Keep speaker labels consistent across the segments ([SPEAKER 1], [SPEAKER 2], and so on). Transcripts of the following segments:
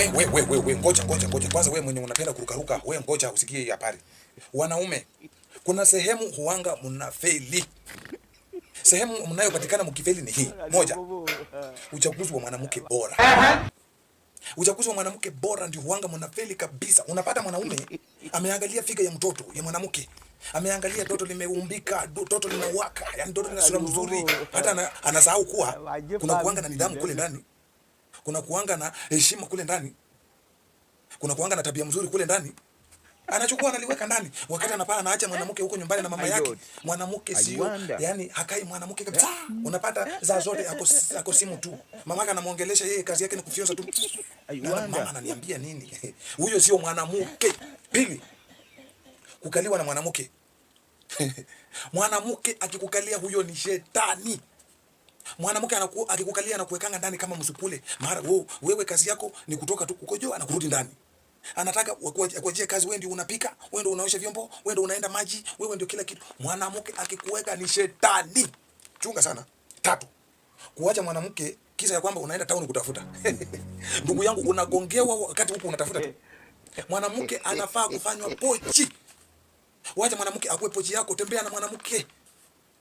[SPEAKER 1] Hey, eh, we, we, we, we, ngoja ngoja ngoja kwanza, we mwenye unapenda kurukaruka we, ngoja usikie hii habari. Wanaume, kuna sehemu huanga mnafeli. Sehemu mnayopatikana mkifeli ni hii moja, uchaguzi wa mwanamke bora. Uchaguzi wa mwanamke bora ndio huanga mnafeli kabisa. Unapata mwanaume ameangalia figa ya mtoto ya mwanamke ameangalia toto limeumbika, toto linawaka, yani toto lina sura mzuri, hata anasahau kuwa kuna kuanga na nidhamu kule ndani kuna kuanga na heshima kule ndani, kuna kuanga na tabia mzuri kule ndani anachukua analiweka ndani, wakati anapaa anaacha mwanamke huko nyumbani na mama yake. Mwanamke sio yani, hakai mwanamke kabisa. Unapata za zote, ako ako simu tu, yake anamuongelesha yeye, kazi yake ni kufyonza tu. Mama ananiambia nini? Huyo sio mwanamke. Pili, kukaliwa na mwanamke mwanamke akikukalia huyo ni shetani. Mwanamke akikukalia na kuwekanga ndani kama msupule. mara wewe wewe kazi yako ni kutoka tu kukojoa na kurudi ndani. Anataka akuachie kazi, wewe ndio unapika, wewe ndio unaosha vyombo, wewe ndio unaenda maji, wewe ndio kila kitu. Mwanamke akikuweka ni shetani. Chunga sana. Tatu. Kuacha mwanamke kisa ya kwamba unaenda town kutafuta. Ndugu yangu unagongewa wakati huko unatafuta tu. Mwanamke anafaa kufanywa pochi. Wacha mwanamke akuwe pochi yako, tembea na mwanamke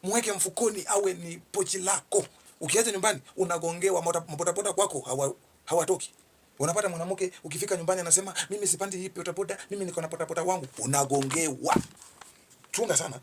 [SPEAKER 1] mweke mfukoni, awe ni pochi lako. Ukiacha nyumbani unagongewa, mabodaboda kwako hawa, hawatoki. Unapata mwanamke ukifika nyumbani anasema mimi sipandi hii bodaboda, mimi niko na bodaboda wangu, unagongewa. Chunga sana.